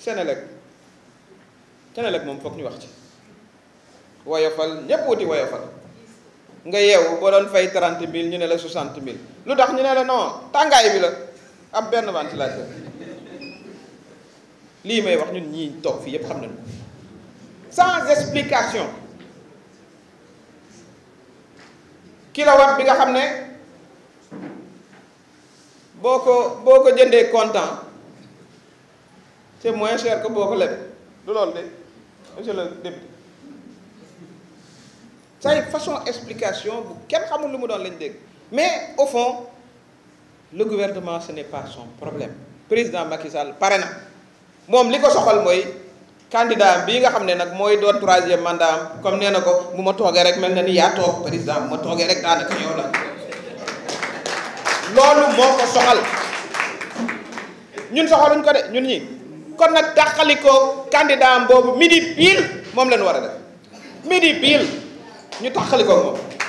Senelec Senelec moom foog ñu wax ci woyofal ñépp wuti woyofal nga yeewu boo doon fay trente mille ñu ne la soixante mille lu tax ñu ne la non tàngaay bi la ab benn ventilateur lii may wax ñun ñii toog fii yépp xam nañu sans explication kilowatt bi nga xam ne boo ko boo ko jëndee comptant c'est moins cher que boo ko leb du loolu de monsieur le député say façon explication bu kenn xamul lu mu doon lañu dégg mais au fond le gouvernement ce n'est pas son problème président Macky Sall pare na moom li ko soxal mooy candidat bii nga xam ne nag mooy doon troisième mandat am comme nee na ko mu ma toogee rek mel na ni yaa toog président bu ma toogee rek daanaka yow la loolu moo ko soxal ñun soxaluñ ko de ñun ñi kon nag taxalikoo candidat boobu midi pile moom la war a def midi pile ñu taxalikoo moom.